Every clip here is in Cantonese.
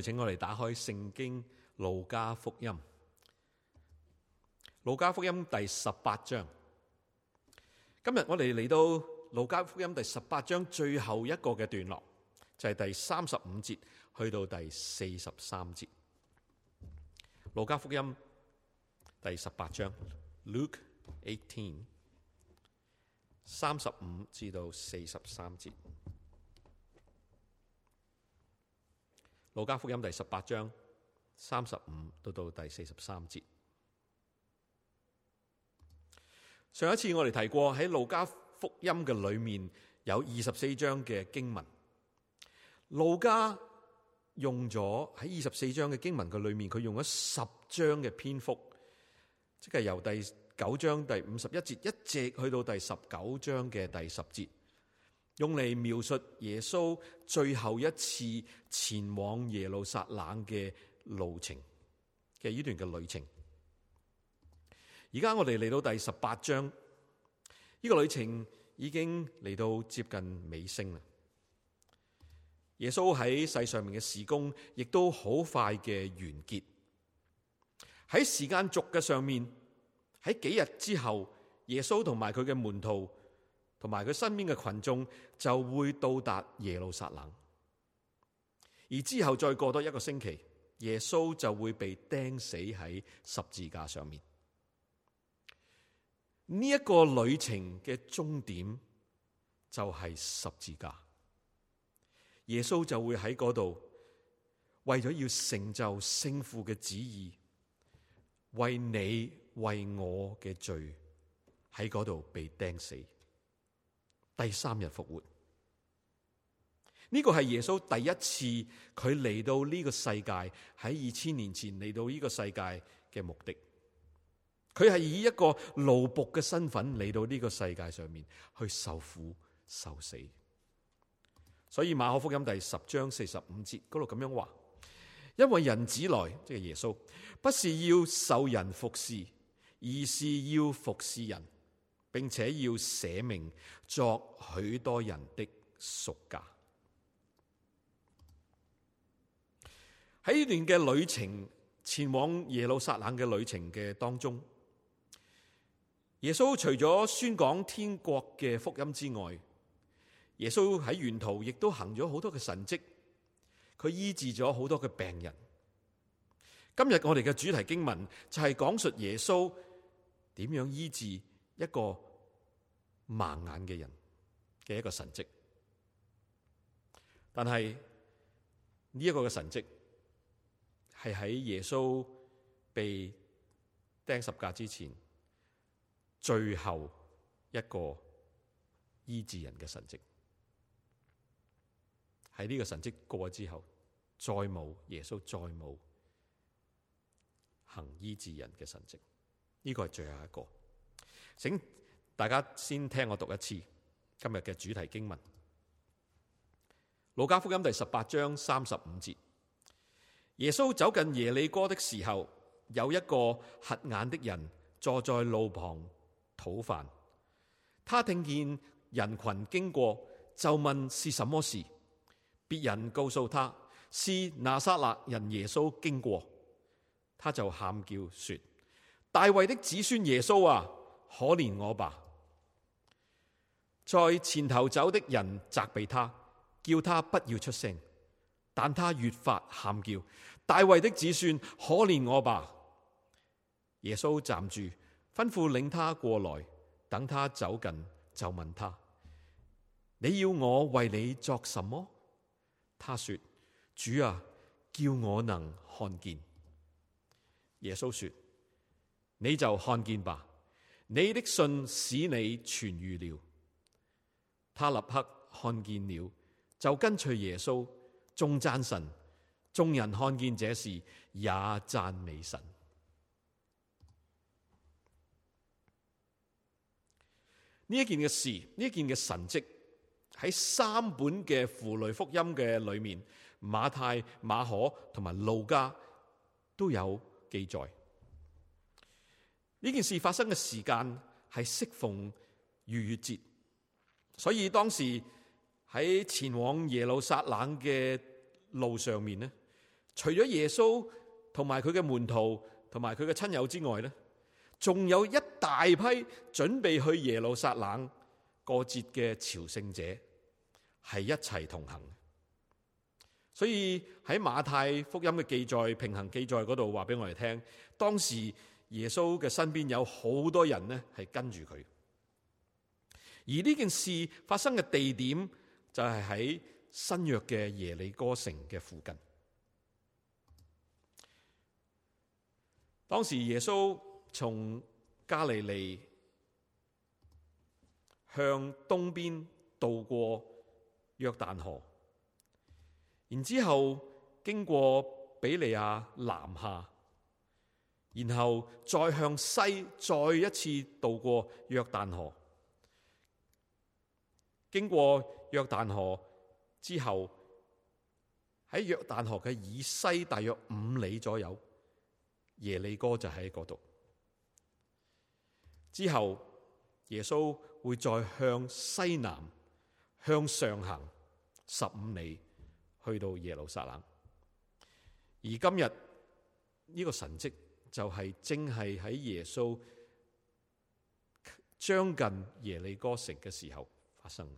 請我哋打開聖經《路加福音》，《路加福音》第十八章。今日我哋嚟到《路加福音》第十八章最後一個嘅段落，就係、是、第三十五節去到第四十三節，《路加福音》第十八章 （Luke eighteen） 三十五至到四十三節。路加福音第十八章三十五到到第四十三節。上一次我哋提過喺路加福音嘅裏面有二十四章嘅經文，路加用咗喺二十四章嘅經文嘅裏面，佢用咗十章嘅篇幅，即係由第九章第五十一節一直去到第十九章嘅第十節。用嚟描述耶穌最後一次前往耶路撒冷嘅路程，嘅呢段嘅旅程。而家我哋嚟到第十八章，呢個旅程已經嚟到接近尾聲啦。耶穌喺世上面嘅事工，亦都好快嘅完結。喺時間軸嘅上面，喺幾日之後，耶穌同埋佢嘅門徒。同埋佢身邊嘅群眾就會到達耶路撒冷，而之後再過多一個星期，耶穌就會被釘死喺十字架上面。呢、這、一個旅程嘅終點就係十字架，耶穌就會喺嗰度為咗要成就聖父嘅旨意，為你為我嘅罪喺嗰度被釘死。第三日復活，呢、這個係耶穌第一次佢嚟到呢個世界，喺二千年前嚟到呢個世界嘅目的。佢係以一個勞僕嘅身份嚟到呢個世界上面去受苦受死。所以馬可福音第十章四十五節嗰度咁樣話：因為人子來，即、就、係、是、耶穌，不是要受人服侍，而是要服侍人。並且要捨命作許多人的贖價。喺呢段嘅旅程，前往耶路撒冷嘅旅程嘅當中，耶穌除咗宣講天國嘅福音之外，耶穌喺沿途亦都行咗好多嘅神蹟，佢醫治咗好多嘅病人。今日我哋嘅主題經文就係講述耶穌點樣醫治一個盲眼嘅人嘅一個神蹟，但係呢一個嘅神蹟係喺耶穌被釘十架之前最後一個醫治人嘅神蹟。喺呢個神蹟過之後，再冇耶穌再冇行醫治人嘅神蹟。呢個係最後一個。請大家先聽我讀一次今日嘅主題經文《路加福音》第十八章三十五節。耶穌走近耶利哥的時候，有一個瞎眼的人坐在路旁討飯。他聽見人群經過，就問是什麼事。別人告訴他，是拿撒勒人耶穌經過。他就喊叫說：大衛的子孫耶穌啊！可憐我吧，在前頭走的人責備他，叫他不要出聲，但他越發喊叫。大衛的子孫，可憐我吧！耶穌站住，吩咐領他過來，等他走近，就問他：你要我為你作什麼？他說：主啊，叫我能看見。耶穌說：你就看見吧。你的信使你痊癒了，他立刻看見了，就跟隨耶穌，眾讚神。眾人看見這事，也讚美神。呢一件嘅事，呢一件嘅神蹟，喺三本嘅符類福音嘅裏面，馬太、馬可同埋路加都有記載。呢件事發生嘅時間係適逢逾越節，所以當時喺前往耶路撒冷嘅路上面咧，除咗耶穌同埋佢嘅門徒同埋佢嘅親友之外咧，仲有一大批準備去耶路撒冷過節嘅朝聖者係一齊同行的。所以喺馬太福音嘅記載、平行記載嗰度話俾我哋聽，當時。耶穌嘅身邊有好多人咧，係跟住佢。而呢件事發生嘅地點就係喺新約嘅耶利哥城嘅附近。當時耶穌從加利利向東邊渡過約旦河，然之後經過比利亞南下。然後再向西，再一次渡過約旦河。經過約旦河之後，喺約旦河嘅以西大約五里左右，耶利哥就喺嗰度。之後耶穌會再向西南向上行十五里，去到耶路撒冷。而今日呢個神蹟。就係、是、正係喺耶穌將近耶利哥城嘅時候發生。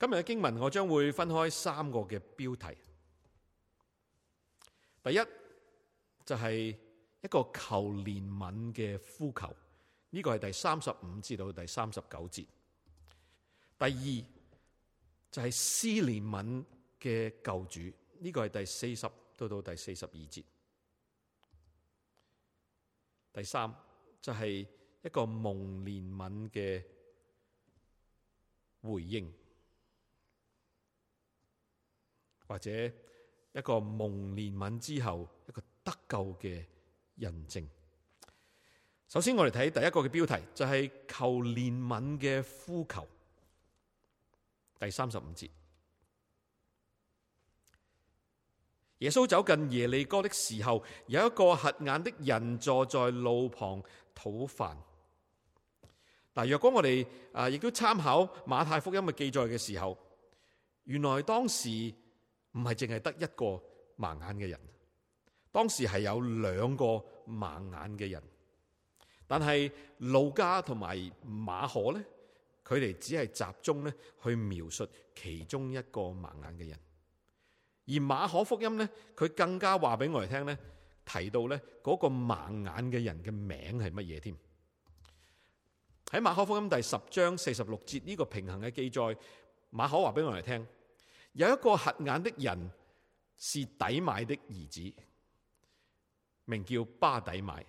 今日嘅經文，我將會分開三個嘅標題。第一就係一個求憐憫嘅呼求，呢個係第三十五至到第三十九節。第二。就係施憐憫嘅救主，呢、這個係第四十到到第四十二節。第三就係、是、一個蒙憐憫嘅回應，或者一個蒙憐憫之後一個得救嘅印證。首先我哋睇第一個嘅標題，就係、是、求憐憫嘅呼求。第三十五節，耶穌走近耶利哥的時候，有一個瞎眼的人坐在路旁討飯。嗱，若果我哋啊，亦都參考馬太福音嘅記載嘅時候，原來當時唔係淨係得一個盲眼嘅人，當時係有兩個盲眼嘅人。但係路加同埋馬可呢？佢哋只係集中咧去描述其中一個盲眼嘅人，而馬可福音呢，佢更加話俾我哋聽呢，提到呢嗰個盲眼嘅人嘅名係乜嘢添？喺馬可福音第十章四十六節呢個平行嘅記載，馬可話俾我哋聽，有一個黑眼的人是底買的兒子，名叫巴底買，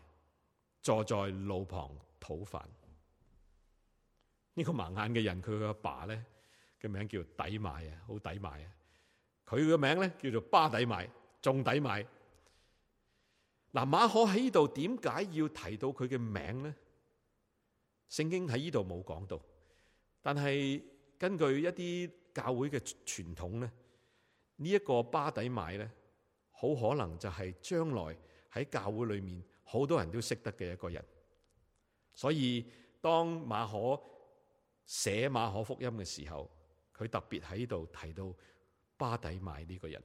坐在路旁討飯。呢、這個盲眼嘅人，佢阿爸咧嘅名叫底買啊，好底買啊。佢嘅名咧叫做巴底買，仲底買。嗱，馬可喺呢度點解要提到佢嘅名呢？聖經喺呢度冇講到，但係根據一啲教會嘅傳統咧，呢、這、一個巴底買咧，好可能就係將來喺教會裏面好多人都識得嘅一個人。所以當馬可。寫馬可福音嘅時候，佢特別喺度提到巴底買呢個人。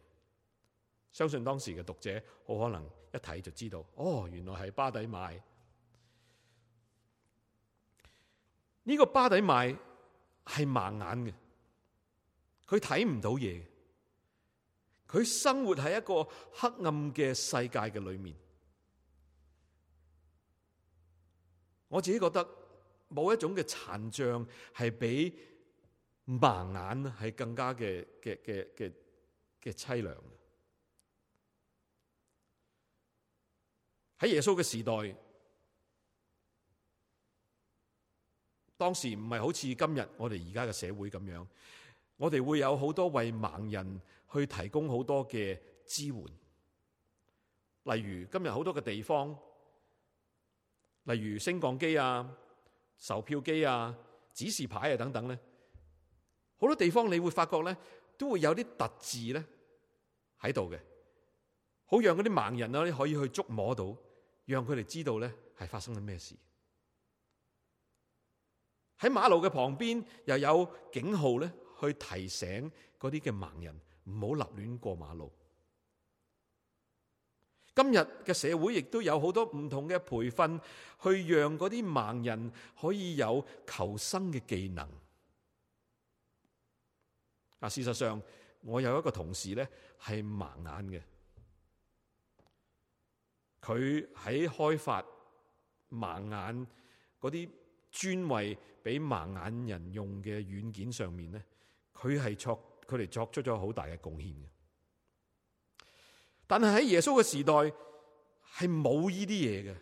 相信當時嘅讀者，好可能一睇就知道，哦，原來係巴底買。呢、這個巴底買係盲眼嘅，佢睇唔到嘢，佢生活喺一個黑暗嘅世界嘅裏面。我自己覺得。某一種嘅殘障係比盲眼係更加嘅嘅嘅嘅嘅淒涼。喺耶穌嘅時代，當時唔係好似今日我哋而家嘅社會咁樣，我哋會有好多為盲人去提供好多嘅支援，例如今日好多嘅地方，例如升降機啊、售票機啊、指示牌啊等等咧，好多地方你會發覺咧，都會有啲凸字咧喺度嘅，好讓嗰啲盲人你可以去捉摸到，讓佢哋知道咧係發生緊咩事。喺馬路嘅旁邊又有警號咧，去提醒嗰啲嘅盲人唔好立亂過馬路。今日嘅社會亦都有好多唔同嘅培訓，去讓嗰啲盲人可以有求生嘅技能。啊，事實上我有一個同事咧係盲眼嘅，佢喺開發盲眼嗰啲專為俾盲眼人用嘅軟件上面咧，佢係作佢哋作出咗好大嘅貢獻嘅。但係喺耶穌嘅時代係冇呢啲嘢嘅，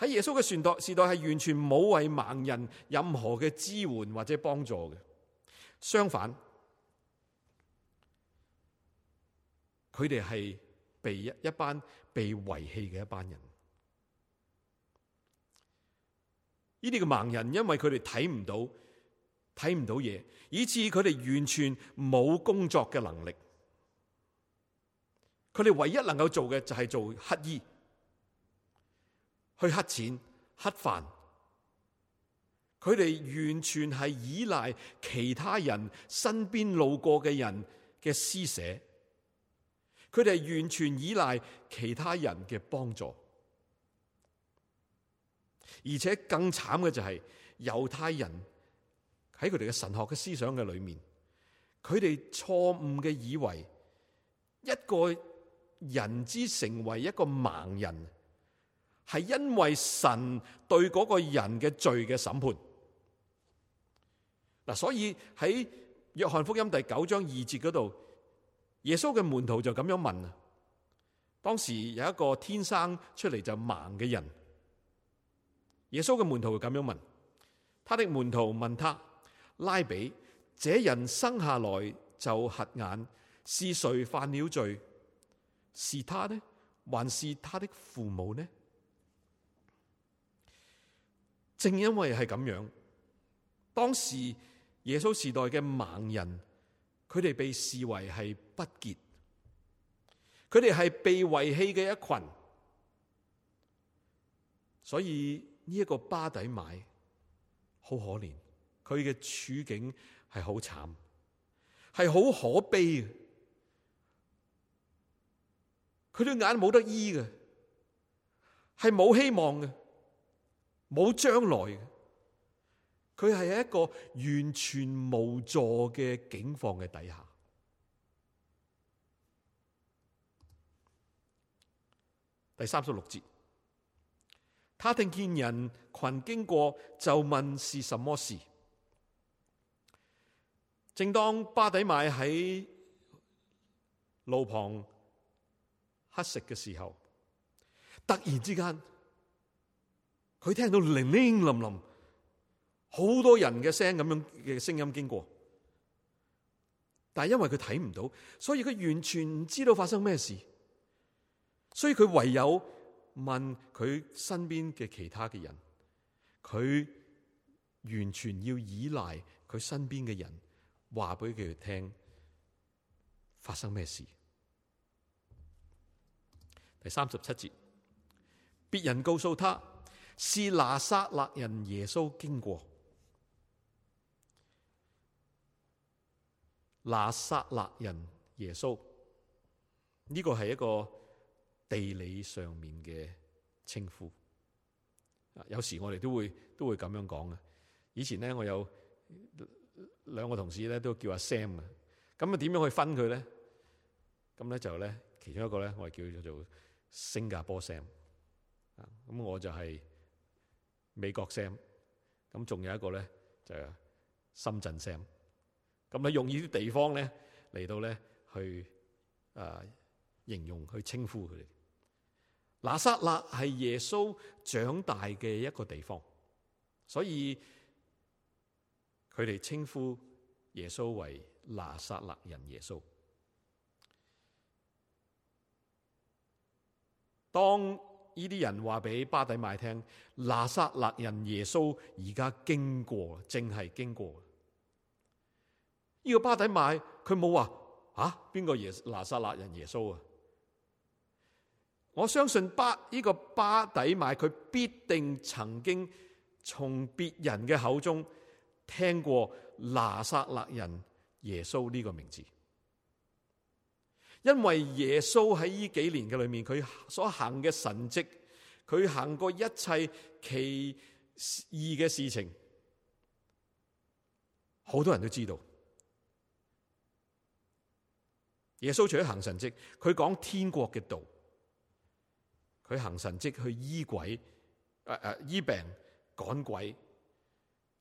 喺耶穌嘅時代時代係完全冇為盲人任何嘅支援或者幫助嘅。相反，佢哋係被一班被遺棄嘅一班人。呢啲嘅盲人因為佢哋睇唔到睇唔到嘢，以致佢哋完全冇工作嘅能力。佢哋唯一能夠做嘅就係做乞兒，去乞錢、乞飯。佢哋完全係依賴其他人身邊路過嘅人嘅施捨，佢哋係完全依賴其他人嘅幫助。而且更慘嘅就係，猶太人喺佢哋嘅神學嘅思想嘅裏面，佢哋錯誤嘅以為一個。人之成為一個盲人，係因為神對嗰個人嘅罪嘅審判嗱。所以喺約翰福音第九章二節嗰度，耶穌嘅門徒就咁樣問啊。當時有一個天生出嚟就盲嘅人，耶穌嘅門徒就咁樣問，他的門徒問他，拉比，這人生下來就瞎眼，是誰犯了罪？是他呢，還是他的父母呢？正因為係咁樣，當時耶穌時代嘅盲人，佢哋被視為係不潔，佢哋係被遺棄嘅一群，所以呢一個巴底買好可憐，佢嘅處境係好慘，係好可悲。佢對眼冇得醫嘅，係冇希望嘅，冇將來嘅。佢係喺一個完全無助嘅境況嘅底下。第三十六節，他聽見人群經過，就問是什麼事。正當巴底買喺路旁，乞食嘅時候，突然之間，佢聽到零零林林好多人嘅聲咁樣嘅聲音經過，但係因為佢睇唔到，所以佢完全唔知道發生咩事，所以佢唯有問佢身邊嘅其他嘅人，佢完全要依賴佢身邊嘅人話俾佢聽發生咩事。第三十七節，別人告訴他是拿撒勒人耶穌經過。拿撒勒人耶穌呢個係一個地理上面嘅稱呼，啊，有時我哋都會都會咁樣講嘅。以前咧，我有兩個同事咧，都叫阿 Sam 嘅，咁啊，點樣去分佢咧？咁咧就咧，其中一個咧，我係叫佢做。新加坡 Sam，咁我就係美國 Sam，咁仲有一個咧就係深圳 Sam，咁咧用呢啲地方咧嚟到咧去誒形容去稱呼佢哋。拿撒勒係耶穌長大嘅一個地方，所以佢哋稱呼耶穌為拿撒勒人耶穌。當呢啲人話俾巴底買聽，拿撒勒人耶穌而家經過，淨係經過。呢個巴底買佢冇話，吓邊、啊、個耶拿撒勒人耶穌啊？我相信巴呢個巴底買佢必定曾經從別人嘅口中聽過拿撒勒人耶穌呢個名字。因為耶穌喺呢幾年嘅裏面，佢所行嘅神蹟，佢行過一切奇異嘅事情，好多人都知道。耶穌除咗行神蹟，佢講天國嘅道，佢行神蹟去醫鬼，誒、呃、誒醫病、趕鬼、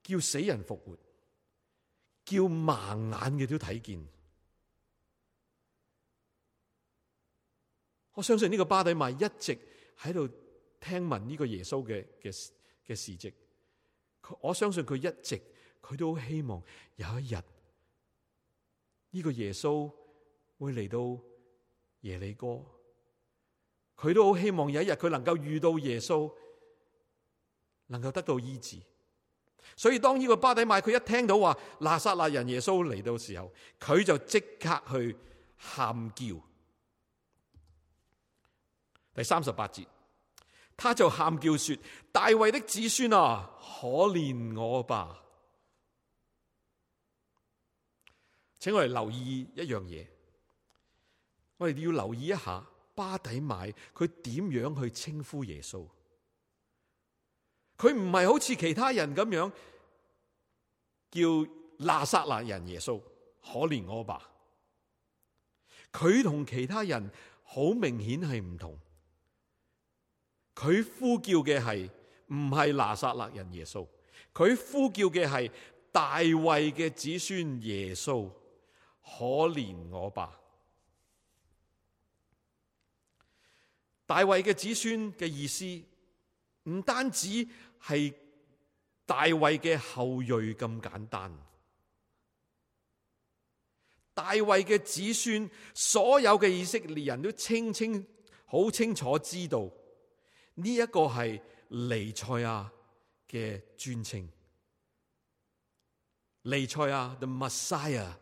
叫死人復活、叫盲眼嘅都睇見。我相信呢個巴底買一直喺度聽聞呢個耶穌嘅嘅嘅事蹟。我相信佢一直佢都好希望有一日呢個耶穌會嚟到耶利哥，佢都好希望有一日佢能夠遇到耶穌，能夠得到醫治。所以當呢個巴底買佢一聽到話拿撒勒人耶穌嚟到時候，佢就即刻去喊叫。第三十八節，他就喊叫說：大衛的子孫啊，可憐我吧！請我哋留意一樣嘢，我哋要留意一下巴底買佢點樣去稱呼耶穌。佢唔係好似其他人咁樣叫拿撒勒人耶穌，可憐我吧。佢同其他人好明顯係唔同。佢呼叫嘅係唔係拿撒勒人耶穌，佢呼叫嘅係大衛嘅子孫耶穌，可憐我吧！大衛嘅子孫嘅意思唔單止係大衛嘅後裔咁簡單，大衛嘅子孫所有嘅以色列人都清清好清楚知道。呢、這、一個係彌賽亞嘅專稱，彌賽亞 the Messiah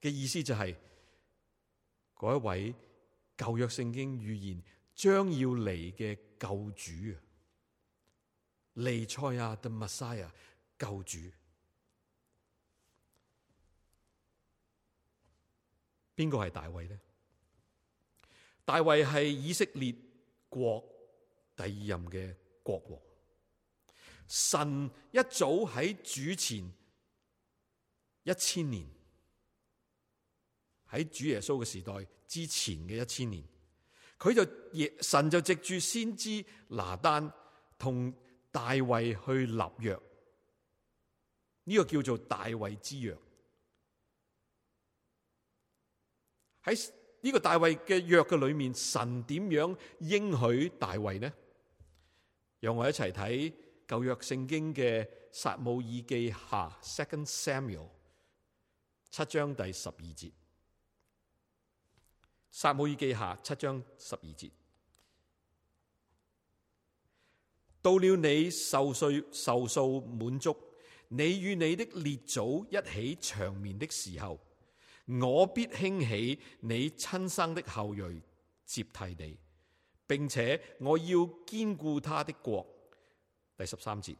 嘅意思就係、是、嗰一位舊約聖經預言將要嚟嘅救主啊，彌賽亞 the Messiah 救主，邊個係大衛咧？大衛係以色列國，第二任嘅國王，神一早喺主前一千年，喺主耶穌嘅時代之前嘅一千年，佢就神就藉住先知拿單同大衛去立約，呢、這個叫做大衛之約。喺呢個大衛嘅約嘅裏面，神點樣應許大衛呢？讓我一齊睇舊約聖經嘅撒母耳記下，Second Samuel 七章第十二節。撒母耳記下七章十二節，到了你受歲受數滿足，你與你的列祖一起長眠的時候，我必興起你親生的後裔接替你。並且我要堅固他的國，第十三節，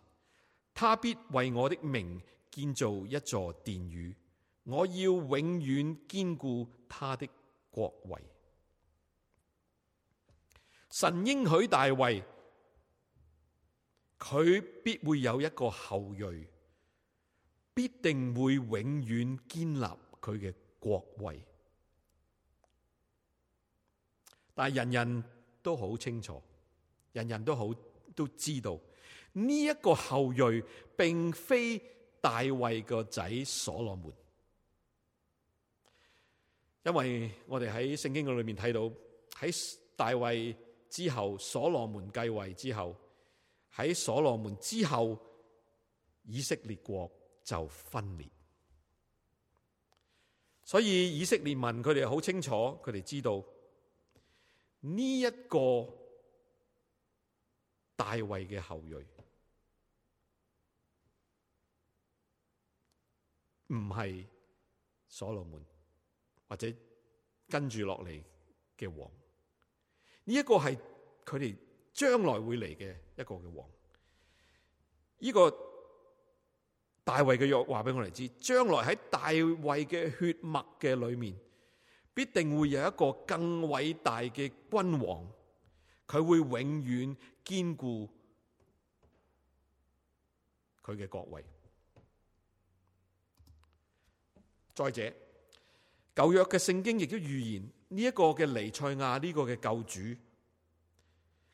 他必為我的名建造一座殿宇，我要永遠堅固他的國位。神應許大衛，佢必會有一個後裔，必定會永遠建立佢嘅國位。但人人。都好清楚，人人都好都知道，呢一個後裔並非大衛個仔所羅門，因為我哋喺聖經嘅裏面睇到，喺大衛之後，所羅門繼位之後，喺所羅門之後，以色列國就分裂，所以以色列民佢哋好清楚，佢哋知道。呢、這、一個大衛嘅後裔，唔係所羅門或者跟住落嚟嘅王，呢、這、一個係佢哋將來會嚟嘅一個嘅王。呢、這個大衛嘅約話俾我哋知，將來喺大衛嘅血脈嘅裏面必定會有一個更偉大嘅君王，佢會永遠堅固佢嘅國位。再者，舊約嘅聖經亦都預言呢一、這個嘅尼賽亞呢、這個嘅救主，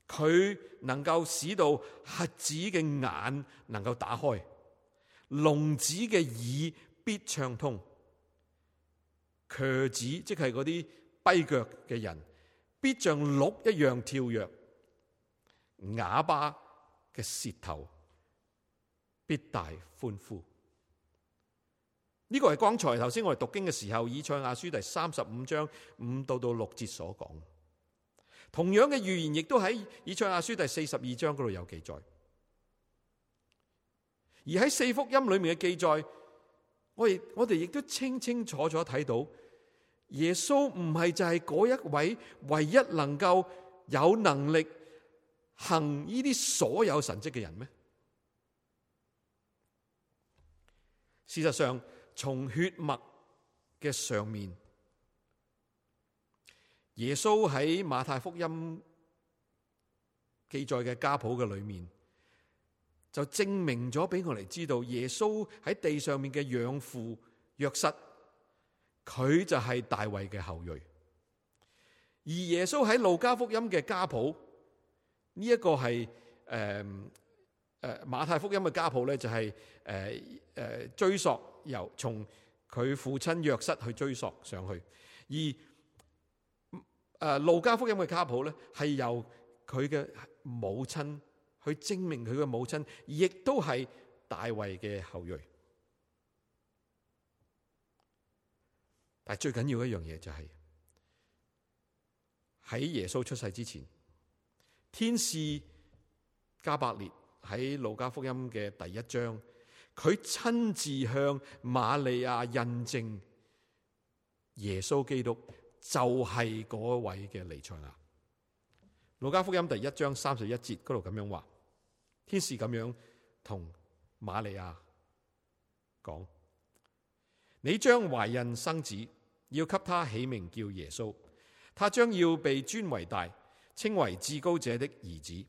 佢能夠使到瞎子嘅眼能夠打開，聾子嘅耳必暢通。瘸子即係嗰啲跛腳嘅人，必像鹿一樣跳躍；啞巴嘅舌頭必大歡呼。呢個係剛才頭先我哋讀經嘅時候，以賽亞書第三十五章五到到六節所講。同樣嘅預言亦都喺以賽亞書第四十二章嗰度有記載。而喺四福音裏面嘅記載。我亦我哋亦都清清楚楚睇到，耶穌唔係就係嗰一位唯一能夠有能力行呢啲所有神跡嘅人咩？事實上，從血脈嘅上面，耶穌喺馬太福音記載嘅家譜嘅裏面。就證明咗俾我哋知道，耶穌喺地上面嘅養父約瑟，佢就係大衛嘅後裔。而耶穌喺路加福音嘅家譜，呢、這、一個係誒誒馬太福音嘅家譜咧，就係誒誒追溯由從佢父親約瑟去追溯上去。而誒、呃、路加福音嘅家譜咧，係由佢嘅母親。佢證明佢嘅母親亦都係大衛嘅後裔，但係最緊要的一樣嘢就係、是、喺耶穌出世之前，天使加百列喺《路加福音》嘅第一章，佢親自向瑪利亞印證耶穌基督就係嗰位嘅彌賽亞啊！《路加福音》第一章三十一節嗰度咁樣話。天使咁樣同瑪利亞講：你將懷孕生子，要給他起名叫耶穌。他將要被尊為大，稱為至高者的兒子。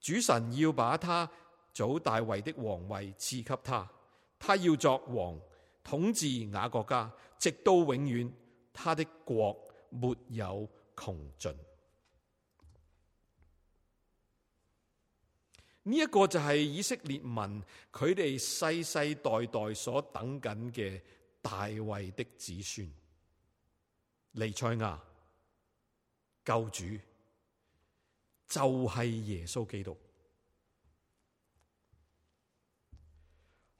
主神要把他祖大衛的王位賜給他，他要作王，統治雅各家，直到永遠。他的國沒有窮盡。呢、這、一個就係以色列民佢哋世世代代所等緊嘅大衛的子孫彌賽亞救主，就係、是、耶穌基督。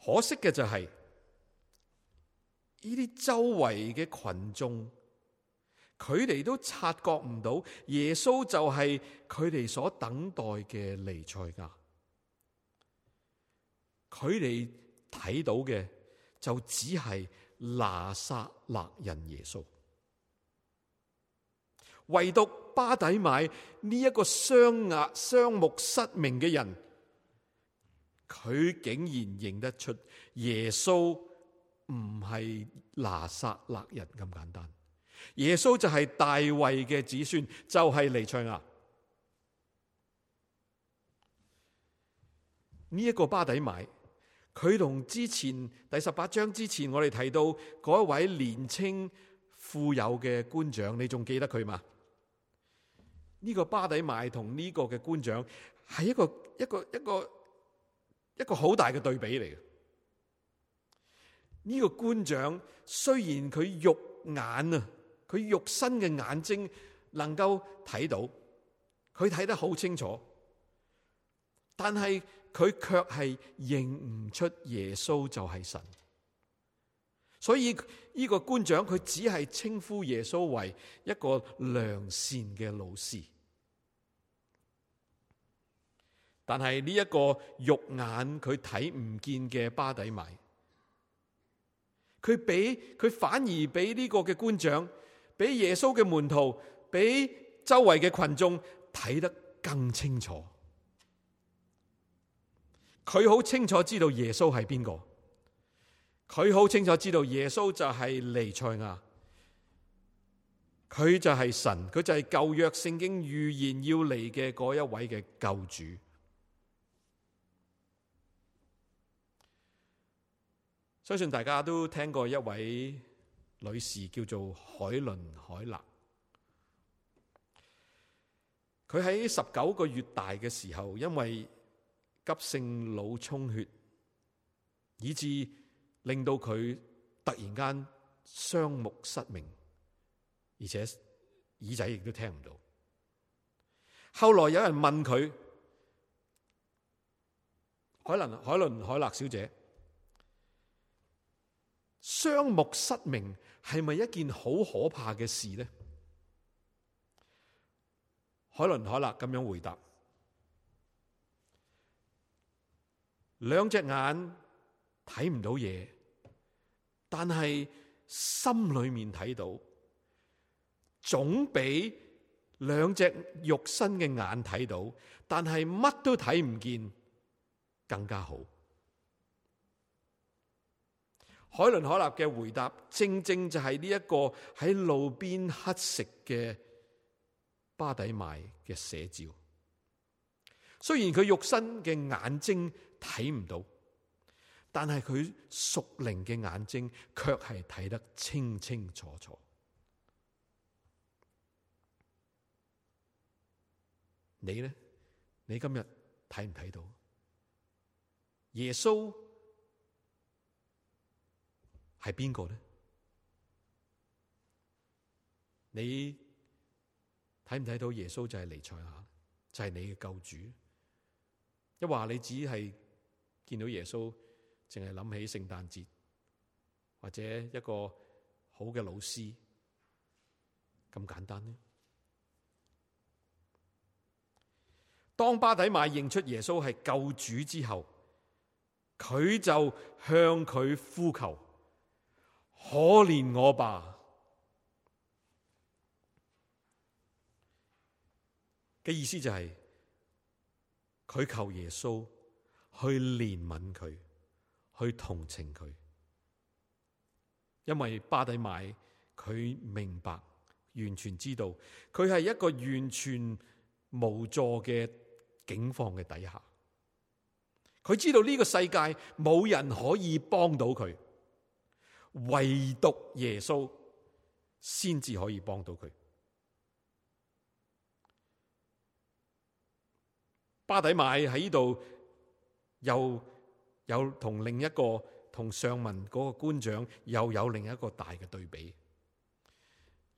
可惜嘅就係呢啲周圍嘅群眾，佢哋都察覺唔到耶穌就係佢哋所等待嘅彌賽亞。佢哋睇到嘅就只係拿撒勒人耶穌，唯獨巴底買呢一、這個雙額雙目失明嘅人，佢竟然認得出耶穌唔係拿撒勒人咁簡單，耶穌就係大衛嘅子孫，就係、是、彌賽亞呢一、這個巴底買。佢同之前第十八章之前我哋提到嗰一位年青富有嘅官長，你仲記得佢嗎？呢個巴底買同呢個嘅官長係一個一個一個一個好大嘅對比嚟嘅。呢個官長雖然佢肉眼啊，佢肉身嘅眼睛能夠睇到，佢睇得好清楚，但係。佢卻係認唔出耶穌就係神，所以呢個官長佢只係稱呼耶穌為一個良善嘅老師。但係呢一個肉眼佢睇唔見嘅巴底米，佢俾佢反而俾呢個嘅官長，俾耶穌嘅門徒，俾周圍嘅群眾睇得更清楚。佢好清楚知道耶穌係邊個，佢好清楚知道耶穌就係彌賽亞，佢就係神，佢就係舊約聖經預言要嚟嘅嗰一位嘅救主。相信大家都聽過一位女士叫做海倫海勒，佢喺十九個月大嘅時候，因為，急性腦充血，以致令到佢突然間雙目失明，而且耳仔亦都聽唔到。後來有人問佢：「海倫、海倫、海勒小姐，雙目失明係咪一件好可怕嘅事呢？」海倫、海勒咁樣回答。兩隻眼睇唔到嘢，但係心裏面睇到，總比兩隻肉身嘅眼睇到，但係乜都睇唔見，更加好。海倫海納嘅回答，正正就係呢一個喺路邊乞食嘅巴底賣嘅寫照。雖然佢肉身嘅眼睛。睇唔到，但係佢屬靈嘅眼睛卻係睇得清清楚楚。你咧，你今日睇唔睇到耶穌係邊個咧？你睇唔睇到耶穌就係彌賽亞，就係、是、你嘅救主，一話你只係。見到耶穌，淨係諗起聖誕節，或者一個好嘅老師咁簡單呢？當巴底馬認出耶穌係救主之後，佢就向佢呼求：可憐我吧！嘅意思就係、是、佢求耶穌。去憐憫佢，去同情佢，因為巴底買佢明白，完全知道佢係一個完全無助嘅境況嘅底下。佢知道呢個世界冇人可以幫到佢，唯獨耶穌先至可以幫到佢。巴底買喺呢度。又又同另一個同上文嗰個官長又有另一個大嘅對比。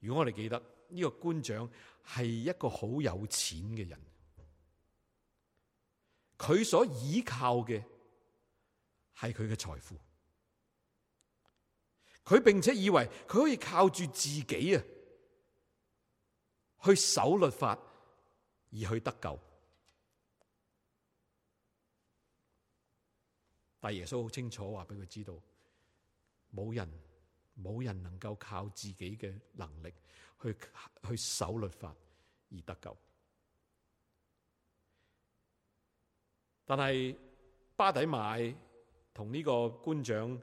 如果我哋記得呢個官長係一個好有錢嘅人，佢所倚靠嘅係佢嘅財富，佢並且以為佢可以靠住自己啊去守律法而去得救。大耶穌好清楚告訴，話俾佢知道，冇人冇人能夠靠自己嘅能力去去守律法而得救。但係巴底買同呢個官長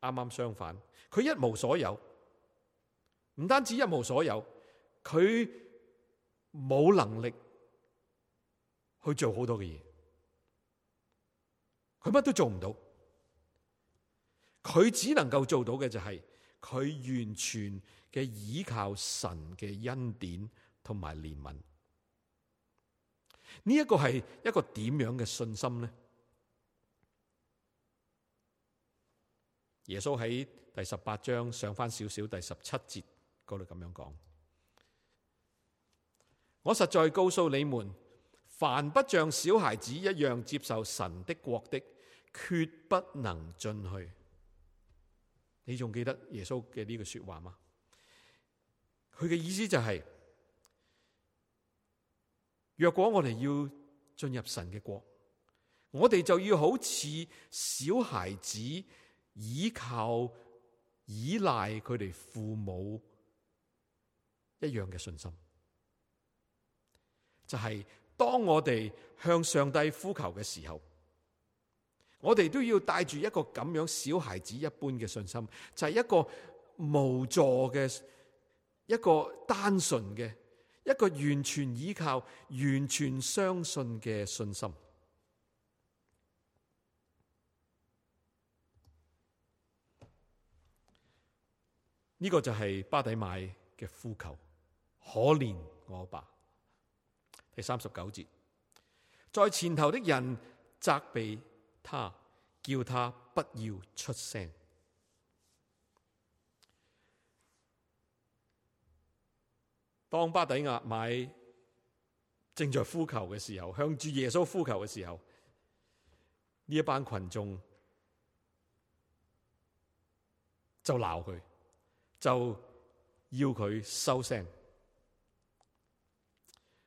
啱啱相反，佢一無所有，唔單止一無所有，佢冇能力去做好多嘅嘢。佢乜都做唔到，佢只能夠做到嘅就係佢完全嘅倚靠神嘅恩典同埋憐憫。呢一個係一個點樣嘅信心呢？耶穌喺第十八章上返少少，第十七節嗰度咁樣講：「我實在告訴你們，凡不像小孩子一樣接受神的國的。決不能進去。你仲，記得耶穌嘅呢句說話嗎？佢嘅意思就係，若果我哋要進入神嘅國，我哋就要好似小孩子倚靠、依賴佢哋父母一樣嘅信心。就係，當我哋向上帝呼求嘅時候。我哋都要帶住一個咁樣小孩子一般嘅信心，就係、是、一個無助嘅，一個單純嘅，一個完全依靠、完全相信嘅信心。呢、這個就係巴底買嘅呼求，可憐我吧。第三十九節，在前頭的人責備。他叫他不要出聲。當巴底亞買正在呼求嘅時候，向住耶穌呼求嘅時候，呢一班群眾就鬧佢，就要佢收聲。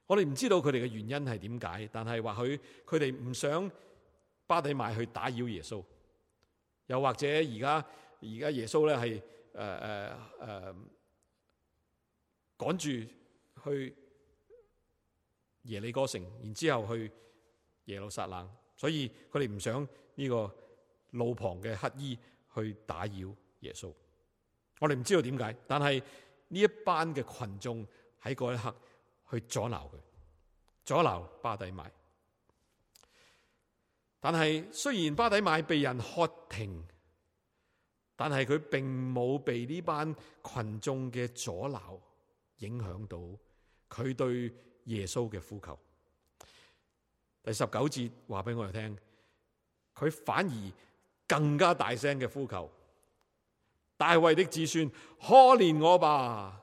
我哋唔知道佢哋嘅原因係點解，但係或許佢哋唔想。巴底買去打擾耶穌，又或者而家而家耶穌咧係誒誒誒趕住去耶利哥城，然之後去耶路撒冷，所以佢哋唔想呢個路旁嘅乞衣去打擾耶穌。我哋唔知道點解，但係呢一班嘅群眾喺嗰一刻去阻撓佢，阻撓巴底買。但係雖然巴底買被人喝停，但係佢並冇被呢班群眾嘅阻撓影響到佢對耶穌嘅呼求。第十九節話俾我哋聽，佢反而更加大聲嘅呼求。大衛的子孫，可憐我吧！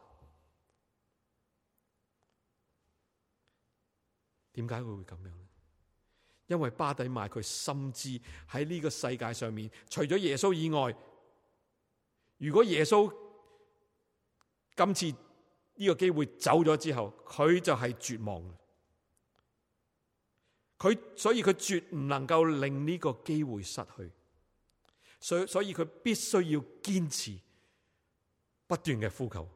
點解佢會咁樣？因為巴底買佢深知喺呢個世界上面，除咗耶穌以外，如果耶穌今次呢個機會走咗之後，佢就係絕望。佢所以佢絕唔能夠令呢個機會失去，所以所以佢必須要堅持，不斷嘅呼求，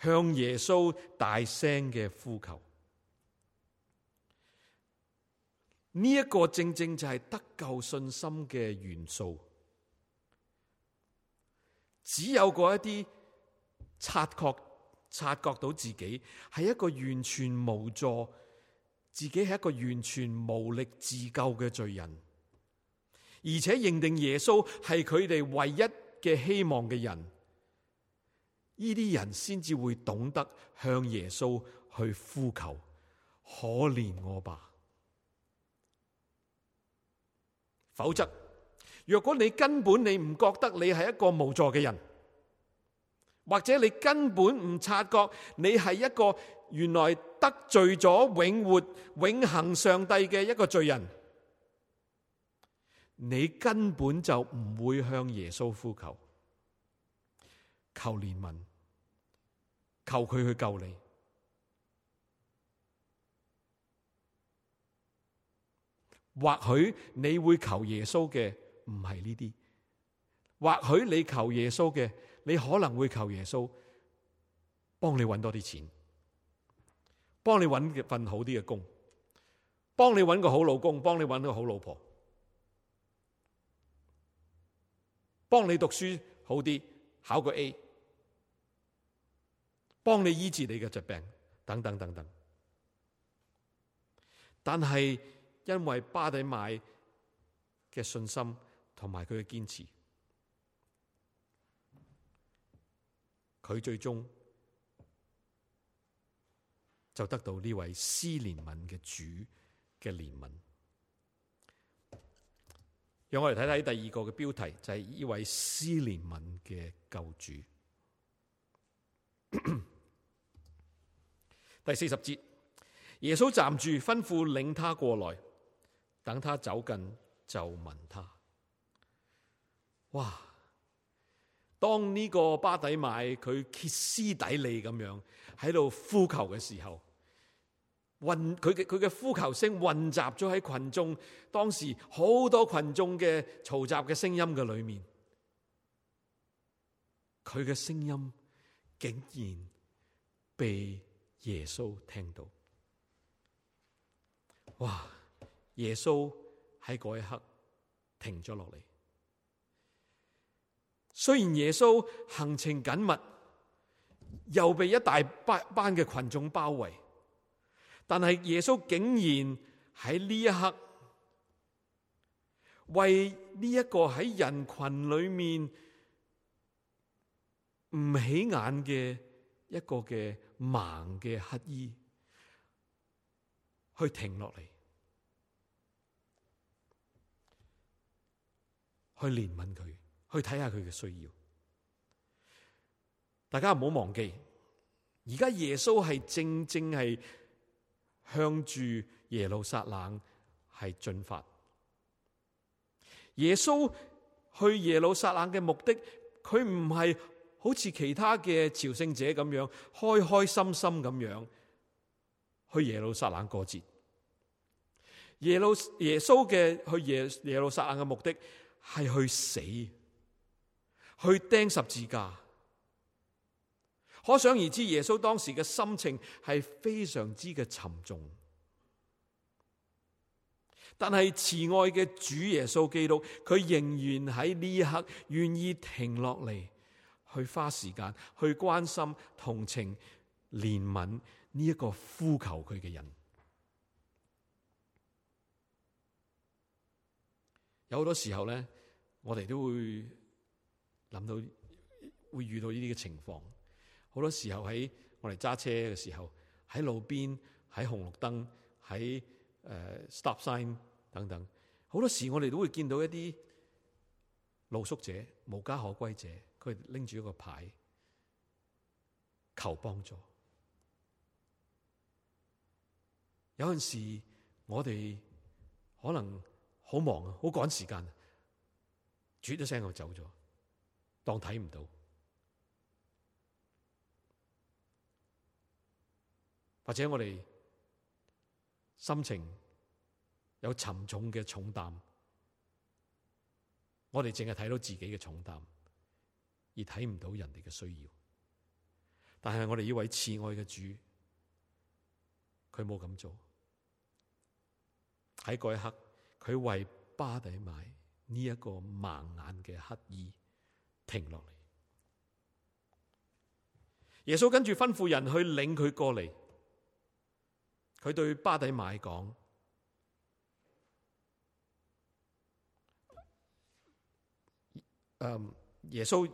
向耶穌大聲嘅呼求。呢、這、一個正正就係得救信心嘅元素。只有嗰一啲察覺、察覺到自己係一個完全無助、自己係一個完全無力自救嘅罪人，而且認定耶穌係佢哋唯一嘅希望嘅人，呢啲人先至會懂得向耶穌去呼求：可憐我吧！否則，若果你根本你唔覺得你係一個無助嘅人，或者你根本唔察覺你係一個原來得罪咗永活永恆上帝嘅一個罪人，你根本就唔會向耶穌呼求，求憐憫，求佢去救你。或許你會求耶穌嘅唔係呢啲，或許你求耶穌嘅，你可能會求耶穌，幫你搵多啲錢，幫你搵份好啲嘅工，幫你搵個好老公，幫你搵個好老婆，幫你讀書好啲，考個 A，幫你醫治你嘅疾病，等等等等。但係。因為巴底買嘅信心同埋佢嘅堅持，佢最終就得到呢位施憐憫嘅主嘅憐憫。讓我哋睇睇第二個嘅標題，就係、是、呢位施憐憫嘅救主。 第四十節，耶穌站住，吩咐領他過來。等他走近，就問他：，哇！當呢個巴底買佢歇斯底里咁樣喺度呼求嘅時候，混佢嘅佢嘅呼求聲混雜咗喺群眾當時好多群眾嘅嘈雜嘅聲音嘅裏面，佢嘅聲音竟然被耶穌聽到，哇！耶穌喺嗰一刻停咗落嚟，雖然耶穌行程緊密，又被一大班班嘅群眾包圍，但係耶穌竟然喺呢一刻為呢一個喺人群裏面唔起眼嘅一個嘅盲嘅乞丐去停落嚟。去憐憫佢，去睇下佢嘅需要。大家唔好忘記，而家耶穌係正正係向住耶路撒冷係進發。耶穌去耶路撒冷嘅目的，佢唔係好似其他嘅朝聖者咁樣開開心心咁樣去耶路撒冷過節。耶路耶穌嘅去耶耶路撒冷嘅目的。係去死，去釘十字架。可想而知，耶穌當時嘅心情係非常之嘅沉重。但係慈愛嘅主耶穌基督，佢仍然喺呢一刻願意停落嚟，去花時間去關心、同情、憐憫呢一個呼求佢嘅人。有好多時候咧，我哋都會諗到會遇到呢啲嘅情況。好多時候喺我哋揸車嘅時候，喺路邊、喺紅綠燈、喺誒 stop sign 等等，好多時我哋都會見到一啲露宿者、無家可歸者，佢拎住一個牌，求幫助。有陣時我哋可能。好忙啊，好趕時間，啜咗聲就走咗，當睇唔到。或者我哋心情有沉重嘅重擔，我哋淨係睇到自己嘅重擔，而睇唔到人哋嘅需要。但係我哋呢位慈愛嘅主，佢冇咁做。喺嗰一刻。佢為巴底買呢一個盲眼嘅乞兒停落嚟，耶穌跟住吩咐人去領佢過嚟。佢對巴底買講：嗯，耶穌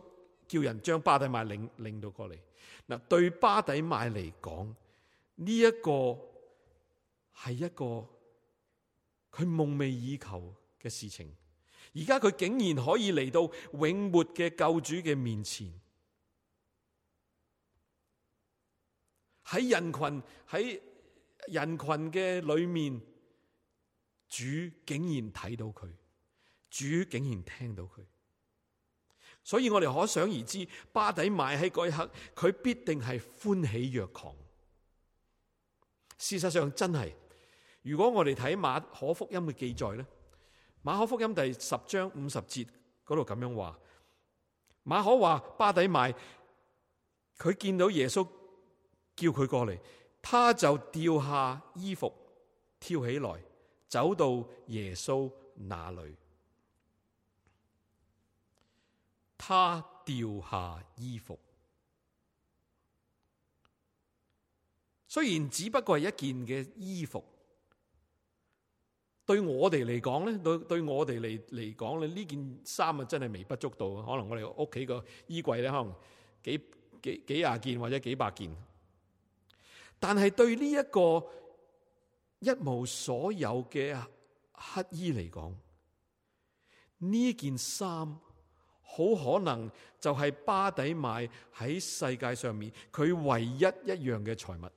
叫人將巴底買領領到過嚟。嗱，對巴底買嚟講，呢、這個、一個係一個。佢夢寐以求嘅事情，而家佢竟然可以嚟到永活嘅救主嘅面前，喺人群，喺人群嘅裏面，主竟然睇到佢，主竟然聽到佢，所以我哋可想而知，巴底埋喺嗰一刻，佢必定係歡喜若狂。事實上，真，真係。如果我哋睇馬可福音嘅記載咧，馬可福音第十章五十節嗰度咁樣話，馬可話巴底買，佢見到耶穌叫佢過嚟，他就掉下衣服，跳起來，走到耶穌那裏。他掉下衣服，雖然只不過係一件嘅衣服。對我哋嚟講咧，對對我哋嚟嚟講咧，呢件衫啊真係微不足道。可能我哋屋企個衣櫃咧，可能幾幾幾廿件或者幾百件，但係對呢一個一無所有嘅乞衣嚟講，呢件衫好可能就係巴底買喺世界上面佢唯一一樣嘅財物。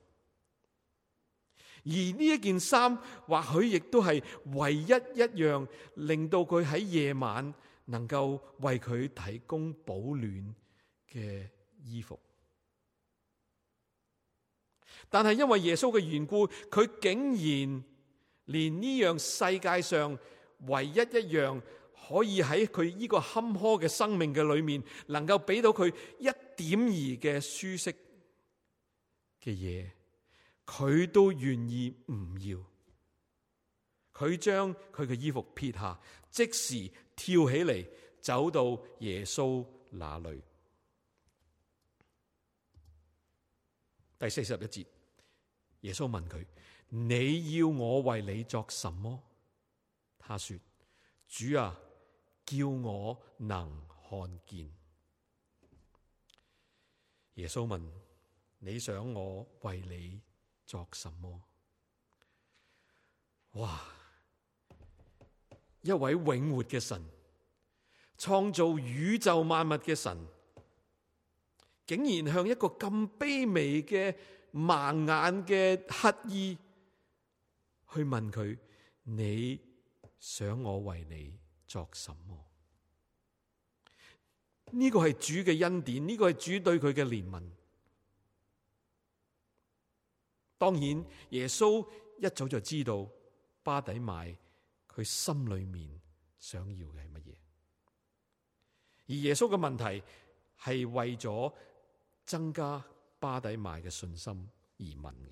而呢一件衫，或許亦都係唯一一樣令到佢喺夜晚能夠為佢提供保暖嘅衣服。但係因為耶穌嘅緣故，佢竟然連呢樣世界上唯一一樣可以喺佢呢個坎坷嘅生命嘅裏面，能夠俾到佢一點兒嘅舒適嘅嘢。佢都願意唔要，佢將佢嘅衣服撇下，即時跳起嚟，走到耶穌那裏。第四十一節，耶穌問佢：你要我為你作什麼？他說：主啊，叫我能看見。耶穌問：你想我為你？作什麼？哇！一位永活嘅神，創造宇宙萬物嘅神，竟然向一個咁卑微嘅盲眼嘅乞丐去問佢：你想我為你作什麼？呢個係主嘅恩典，呢個係主對佢嘅憐憫。當然，耶穌一早就知道巴底買佢心裏面想要嘅係乜嘢，而耶穌嘅問題係為咗增加巴底買嘅信心而問嘅。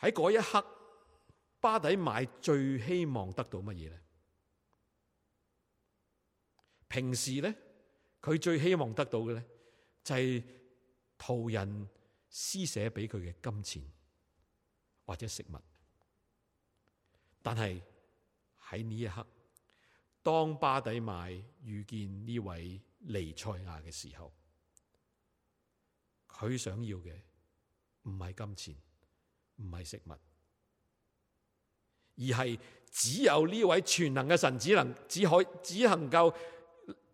喺嗰一刻，巴底買最希望得到乜嘢咧？平時咧，佢最希望得到嘅咧就係、是。途人施捨俾佢嘅金錢或者食物，但係喺呢一刻，當巴底買遇見呢位彌賽亞嘅時候，佢想要嘅唔係金錢，唔係食物，而係只有呢位全能嘅神，只能只可只能夠，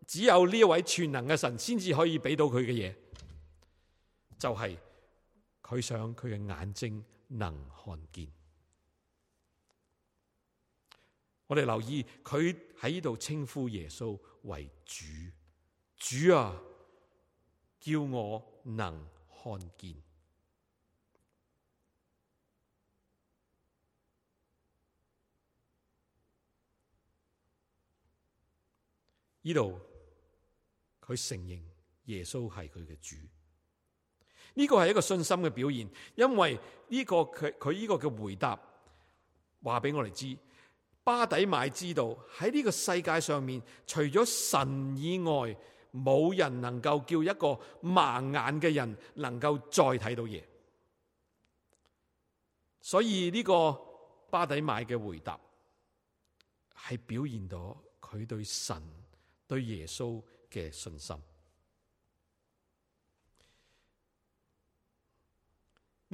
只有呢位全能嘅神，先至可以俾到佢嘅嘢。就係、是、佢想佢嘅眼睛能看見。我哋留意佢喺呢度稱呼耶穌為主，主啊，叫我能看見。呢度佢承認耶穌係佢嘅主。呢個係一個信心嘅表現，因為呢個佢佢呢個嘅回答，話俾我哋知，巴底買知道喺呢個世界上面，除咗神以外，冇人能夠叫一個盲眼嘅人能夠再睇到嘢。所以呢個巴底買嘅回答，係表現到佢對神、對耶穌嘅信心。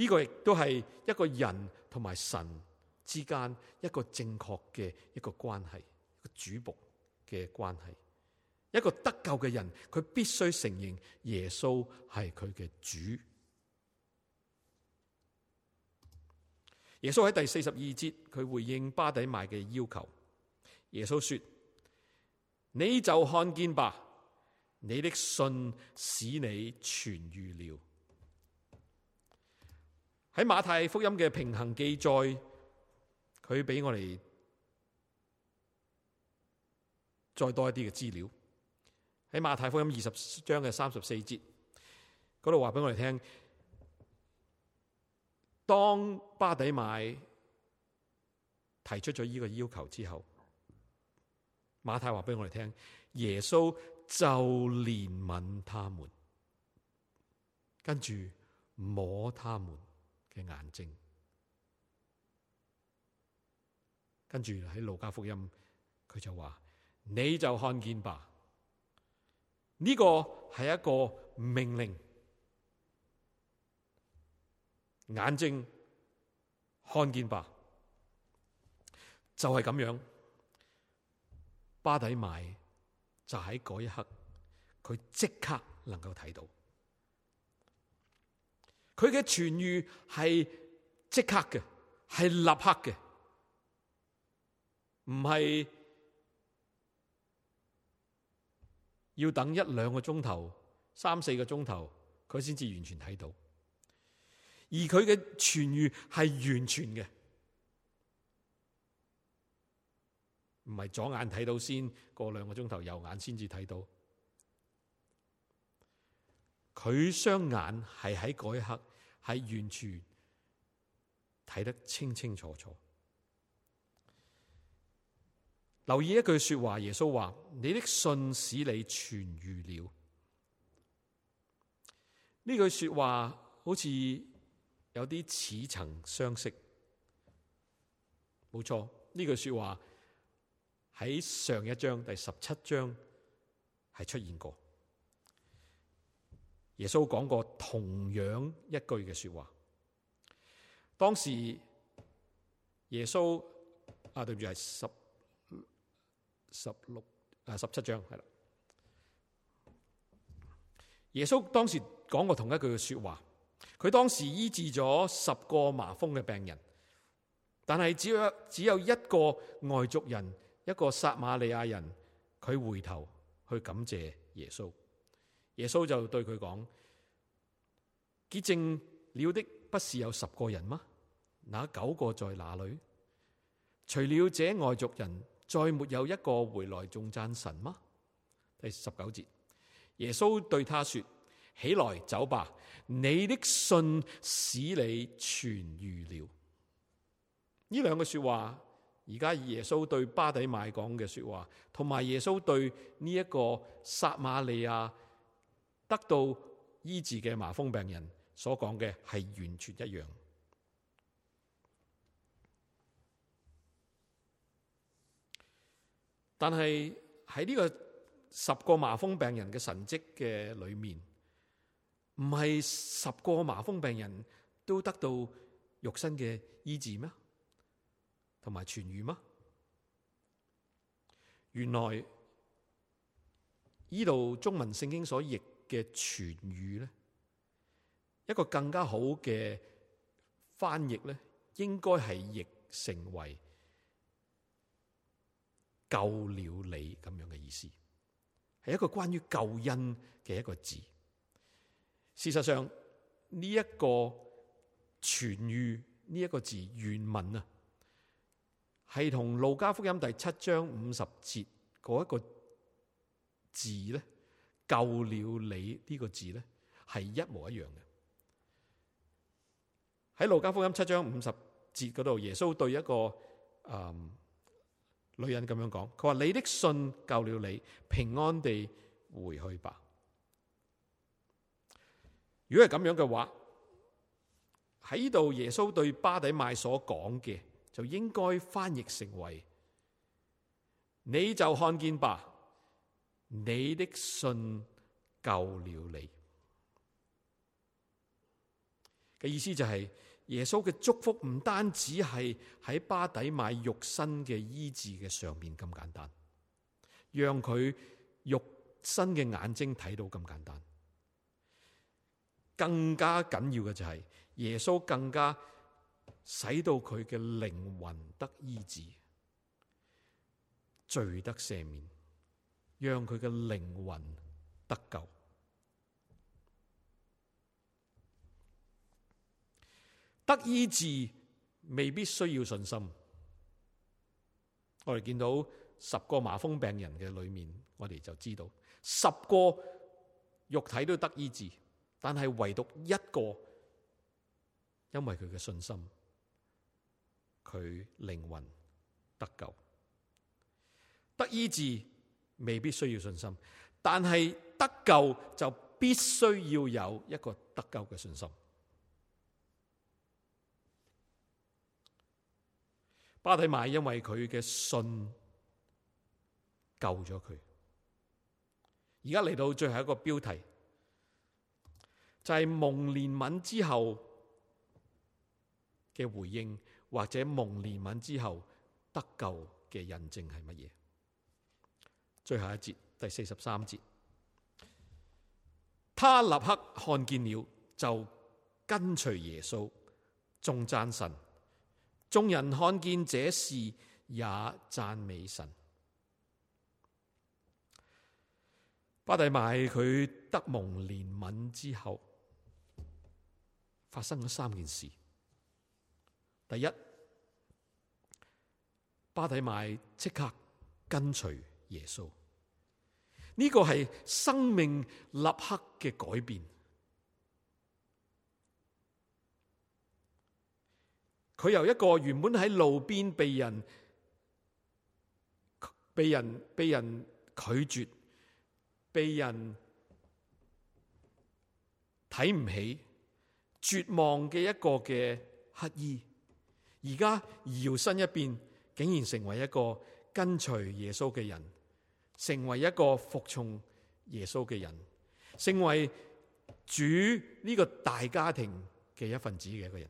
呢、這個亦都係一個人同埋神之間一個正確嘅一個關係，一個主僕嘅關係。一個得救嘅人，佢必須承認耶穌係佢嘅主。耶穌喺第四十二節，佢回應巴底買嘅要求。耶穌說：你就看見吧，你的信使你痊愈了。喺馬太福音嘅平衡記載，佢俾我哋再多一啲嘅資料。喺馬太福音二十章嘅三十四節，嗰度話俾我哋聽：當巴底買提出咗呢個要求之後，馬太話俾我哋聽，耶穌就憐憫他們，跟住摸他們。嘅眼睛，跟住喺路加福音，佢就話：你就看見吧，呢、這個係一個命令，眼睛看見吧，就係、是、咁樣。巴底買就喺嗰一刻，佢即刻能夠睇到。佢嘅痊癒係即刻嘅，係立刻嘅，唔係要等一兩個鐘頭、三四個鐘頭，佢先至完全睇到。而佢嘅痊癒係完全嘅，唔係左眼睇到先，過兩個鐘頭右眼先至睇到。佢雙眼係喺嗰一刻，係完全睇得清清楚楚。留意一句說話，耶穌話：你的信使你痊愈了。呢句說話好似有啲似曾相識。冇錯，呢句說話喺上一章第十七章係出現過。耶穌講過同樣一句嘅說話。當時耶穌啊，對唔住，係十十六啊十七章係啦。耶穌當時講過同一句嘅說話，佢當時醫治咗十個麻風嘅病人，但係只有只有一個外族人，一個撒瑪利亞人，佢回頭去感謝耶穌。耶穌就對佢講：潔淨了的不是有十個人嗎？那九個在哪裏？除了這外族人，再沒有一個回來頌讚神嗎？第十九節，耶穌對他說：起來，走吧，你的信使你痊癒了。呢兩個說話，而家耶穌對巴底買講嘅說話，同埋耶穌對呢一個撒瑪利亞。得到醫治嘅麻風病人所講嘅係完全一樣，但係喺呢個十個麻風病人嘅神迹嘅裏面，唔係十個麻風病人都得到肉身嘅醫治咩？同埋痊愈嗎？原來呢度中文聖經所譯。嘅痊癒咧，一個更加好嘅翻譯咧，應該係譯成為救了你咁樣嘅意思，係一個關於救恩嘅一個字。事實上，呢、這、一個痊癒呢一個字原文啊，係同路加福音第七章五十節嗰一個字咧。救了你呢，這個字呢，係一模一樣嘅。喺路加福音七章五十節嗰度，耶穌對一個誒、嗯、女人咁樣講，佢話你的信救了你，平安地回去吧。如果係咁樣嘅話，喺度耶穌對巴底買所講嘅就應該翻譯成為，你就看見吧。你的信救了你嘅意思就係耶穌嘅祝福唔單止係喺巴底買肉身嘅醫治嘅上面咁簡單，讓佢肉身嘅眼睛睇到咁簡單，更加緊要嘅就係耶穌更加使到佢嘅靈魂得醫治、罪得赦免。讓佢嘅靈魂得救，得醫治未必需要信心。我哋見到十個麻風病人嘅裏面，我哋就知道十個肉體都得醫治，但係唯獨一個，因為佢嘅信心，佢靈魂得救，得醫治。未必需要信心，但係得救就必須要有一個得救嘅信心。巴蒂麥因為佢嘅信救咗佢。而家嚟到最後一個標題，就係、是、蒙憐憫之後嘅回應，或者蒙憐憫之後得救嘅印證係乜嘢？最後一節，第四十三節，他立刻看見了，就跟隨耶穌，仲讚神。眾人看見這事，也讚美神。巴蒂麥佢得蒙憐憫之後，發生咗三件事。第一，巴蒂麥即刻跟隨耶穌。呢、這個係生命立刻嘅改變。佢由一個原本喺路邊被人、被人、被人拒絕、被人睇唔起、絕望嘅一個嘅乞兒，而家搖身一變，竟然成為一個跟隨耶穌嘅人。成為一個服從耶穌嘅人，成為主呢個大家庭嘅一份子嘅一個人。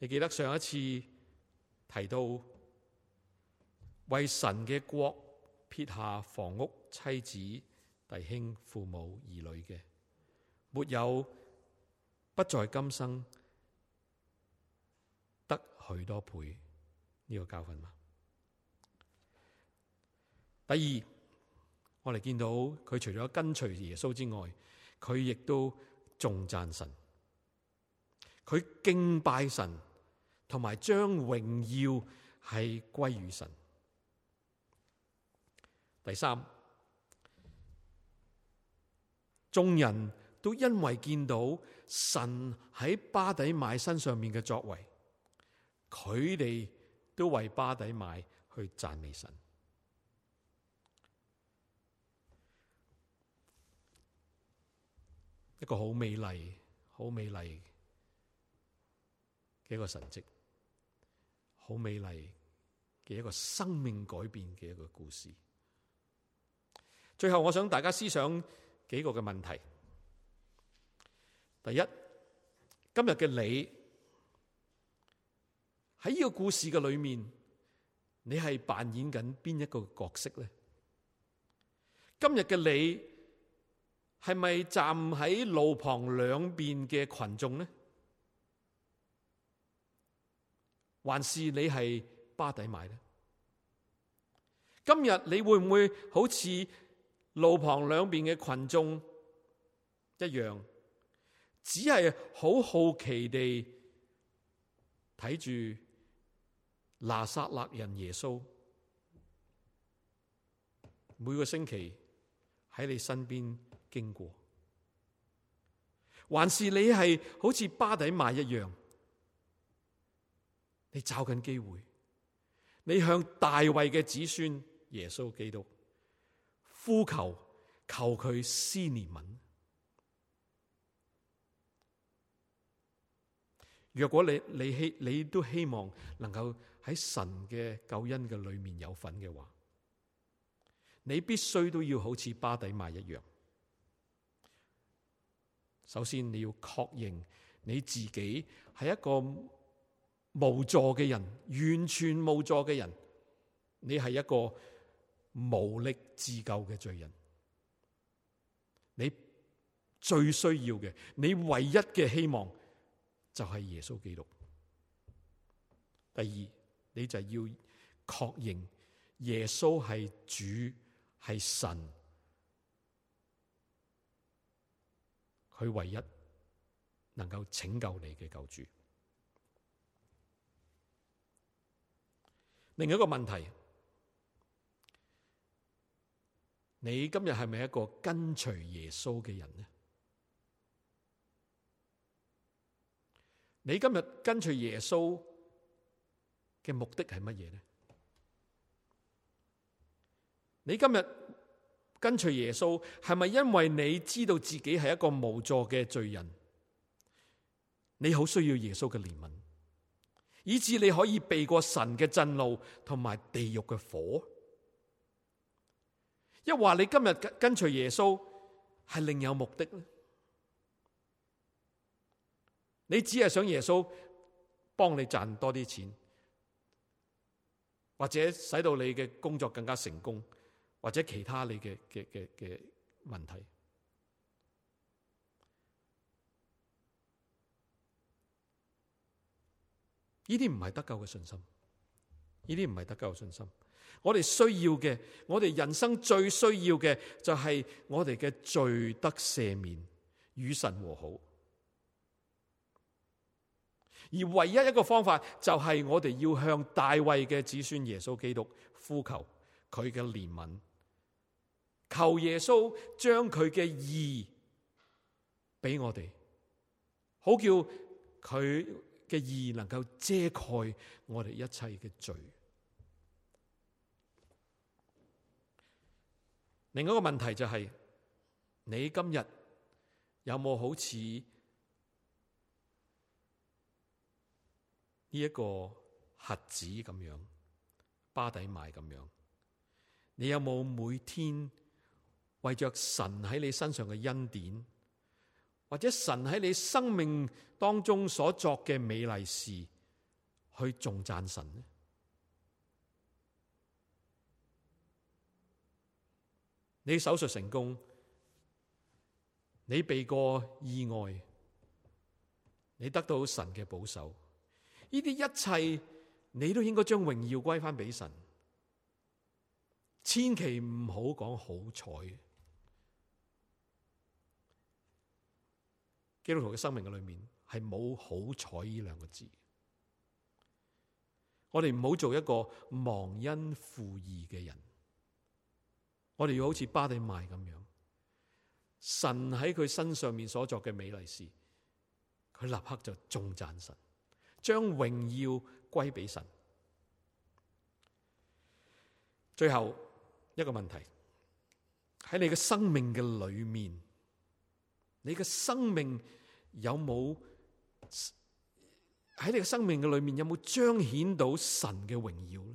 你記得上一次提到，為神嘅國撇下房屋、妻子、弟兄、父母、兒女嘅，沒有不在今生得許多倍呢個教訓嗎？第二，我哋見到佢除咗跟隨耶穌之外，佢亦都重讚神，佢敬拜神，同埋將榮耀係歸於神。第三，眾人都因為見到神喺巴底買身上面嘅作為，佢哋都為巴底買去讚美神。一個好美麗、好美麗嘅一個神蹟，好美麗嘅一個生命改變嘅一個故事。最後，我想大家思想幾個嘅問題。第一，今日嘅你喺呢個故事嘅裏面，你係扮演緊邊一個角色咧？今日嘅你。係咪站喺路旁兩邊嘅群眾呢？還是你係巴底買呢？今日你會唔會好似路旁兩邊嘅群眾一樣，只係好好奇地睇住拿撒勒人耶穌，每個星期喺你身邊。經過，還是你係好似巴底買一樣？你找緊機會，你向大衛嘅子孫耶穌基督呼求，求佢施憐憫。若果你你希你都希望能夠喺神嘅救恩嘅裏面有份嘅話，你必須都要好似巴底買一樣。首先你要確認你自己係一個無助嘅人，完全無助嘅人，你係一個無力自救嘅罪人。你最需要嘅，你唯一嘅希望就係耶穌基督。第二，你就要確認耶穌係主，係神。佢唯一能夠拯救你嘅救主。另一個問題，你今日係咪一個跟隨耶穌嘅人呢？你今日跟隨耶穌嘅目的係乜嘢呢？你今日？跟隨耶穌係咪因為你知道自己係一個無助嘅罪人？你好需要耶穌嘅憐憫，以致你可以避過神嘅震怒同埋地獄嘅火。一話你今日跟跟隨耶穌係另有目的呢？你只係想耶穌幫你賺多啲錢，或者使到你嘅工作更加成功。或者其他你嘅嘅嘅嘅問題，呢啲唔係得救嘅信心，呢啲唔係得救嘅信心。我哋需要嘅，我哋人生最需要嘅就係我哋嘅罪得赦免與神和好，而唯一一個方法就係我哋要向大衛嘅子孫耶穌基督呼求佢嘅憐憫。求耶穌將佢嘅義俾我哋，好叫佢嘅義能夠遮蓋我哋一切嘅罪。另外一個問題就係、是，你今日有冇好似呢一個瞎子咁樣，巴底買咁樣？你有冇每天？為着神喺你身上嘅恩典，或者神喺你生命當中所作嘅美麗事，去重讚神。你手術成功，你避過意外，你得到神嘅保守，呢啲一切你都應該將榮耀歸翻俾神，千祈唔好講好彩。基督徒嘅生命嘅裏面係冇好彩呢兩個字，我哋唔好做一個忘恩負義嘅人，我哋要好似巴地麥咁樣，神喺佢身上面所作嘅美麗事，佢立刻就頌讚神，將榮耀歸俾神。最後一個問題，喺你嘅生命嘅裏面，你嘅生命。有冇喺你嘅生命嘅裏面，有冇彰顯到神嘅榮耀咧？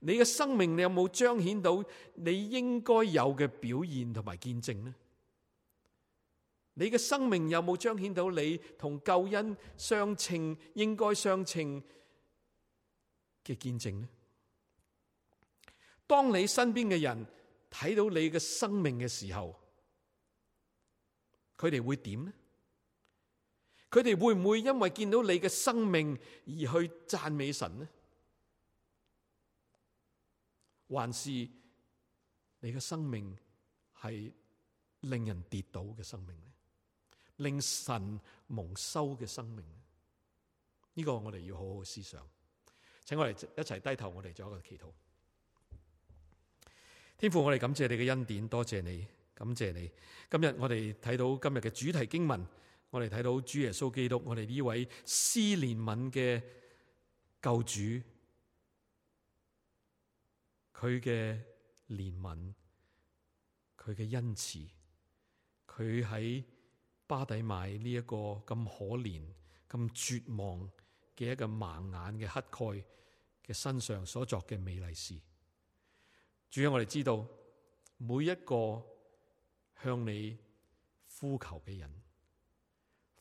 你嘅生命，你有冇彰顯到你應該有嘅表現同埋見證呢？你嘅生命有冇彰顯到你同救恩相稱，應該相稱嘅見證呢？當你身邊嘅人睇到你嘅生命嘅時候，佢哋會點呢？佢哋會唔會因為見到你嘅生命而去讚美神呢？還是你嘅生命係令人跌倒嘅生命呢？令神蒙羞嘅生命呢？呢個我哋要好好思想，請我哋一齊低頭，我哋做一個祈禱。天父，我哋感謝你嘅恩典，多謝你。感謝你。今日我哋睇到今日嘅主題經文，我哋睇到主耶穌基督，我哋呢位施憐憫嘅救主，佢嘅憐憫，佢嘅恩慈，佢喺巴底買呢一個咁可憐、咁絕望嘅一個盲眼嘅乞丐嘅身上所作嘅美麗事。主要我哋知道每一個。向你呼求嘅人，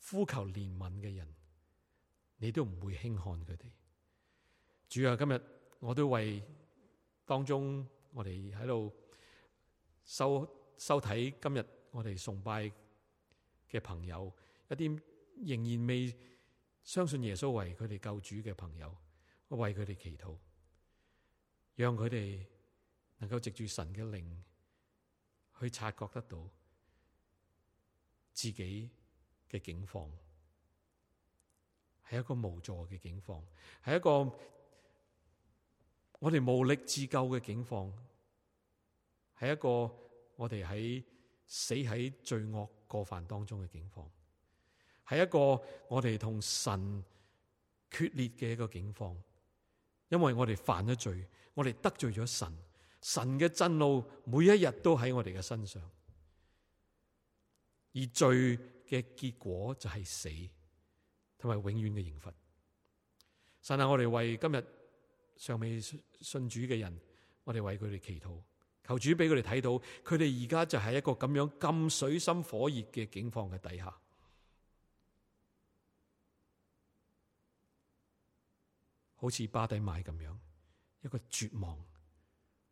呼求憐憫嘅人，你都唔會輕看佢哋。主啊，今日我都為當中我哋喺度收收睇今日我哋崇拜嘅朋友，一啲仍然未相信耶穌為佢哋救主嘅朋友，我為佢哋祈禱，讓佢哋能夠藉住神嘅靈。佢察覺得到自己嘅境況係一個無助嘅境況，係一個我哋無力自救嘅境況，係一個我哋喺死喺罪惡過犯當中嘅境況，係一個我哋同神決裂嘅一個境況。因為我哋犯咗罪，我哋得罪咗神。神嘅震怒每一日都喺我哋嘅身上，而罪嘅結果就係死，同埋永遠嘅刑罰。神啊，我哋為今日尚未信主嘅人，我哋為佢哋祈禱，求主俾佢哋睇到，佢哋而家就係一個咁樣咁水深火熱嘅境況嘅底下，好似巴底買咁樣一個絕望，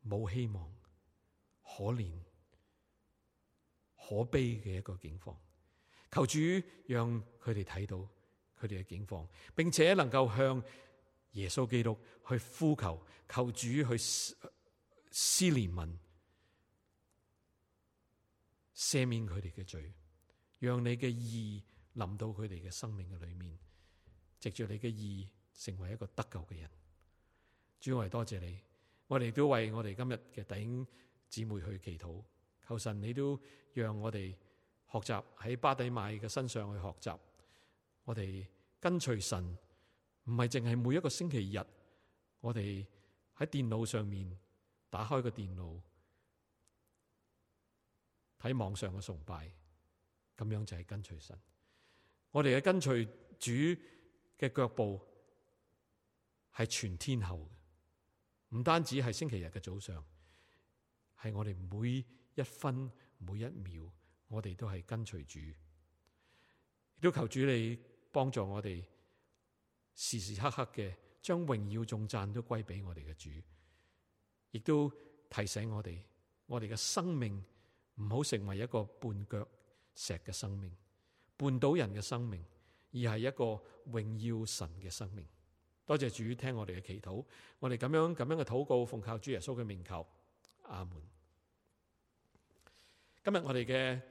冇希望、可憐、可悲嘅一個境況，求主讓佢哋睇到佢哋嘅境況，並且能夠向耶穌基督去呼求，求主去施憐憫、赦免佢哋嘅罪，讓你嘅意臨到佢哋嘅生命嘅裏面，藉住你嘅意成為一個得救嘅人。主，我哋多謝你。我哋都為我哋今日嘅弟兄姊妹去祈禱，求神你都讓我哋學習喺巴底買嘅身上去學習，我哋跟隨神，唔係淨係每一個星期日，我哋喺電腦上面打開個電腦睇網上嘅崇拜，咁樣就係跟隨神。我哋嘅跟隨主嘅腳步係全天候嘅。唔單止係星期日嘅早上，係我哋每一分每一秒，我哋都係跟隨主，亦都求主你幫助我哋時時刻刻嘅將榮耀頌讚都歸俾我哋嘅主，亦都提醒我哋，我哋嘅生命唔好成為一個絆腳石嘅生命，絆倒人嘅生命，而係一個榮耀神嘅生命。多謝主聽我哋嘅祈禱，我哋咁樣咁樣嘅禱告，奉靠主耶穌嘅名求，阿門。今日我哋嘅。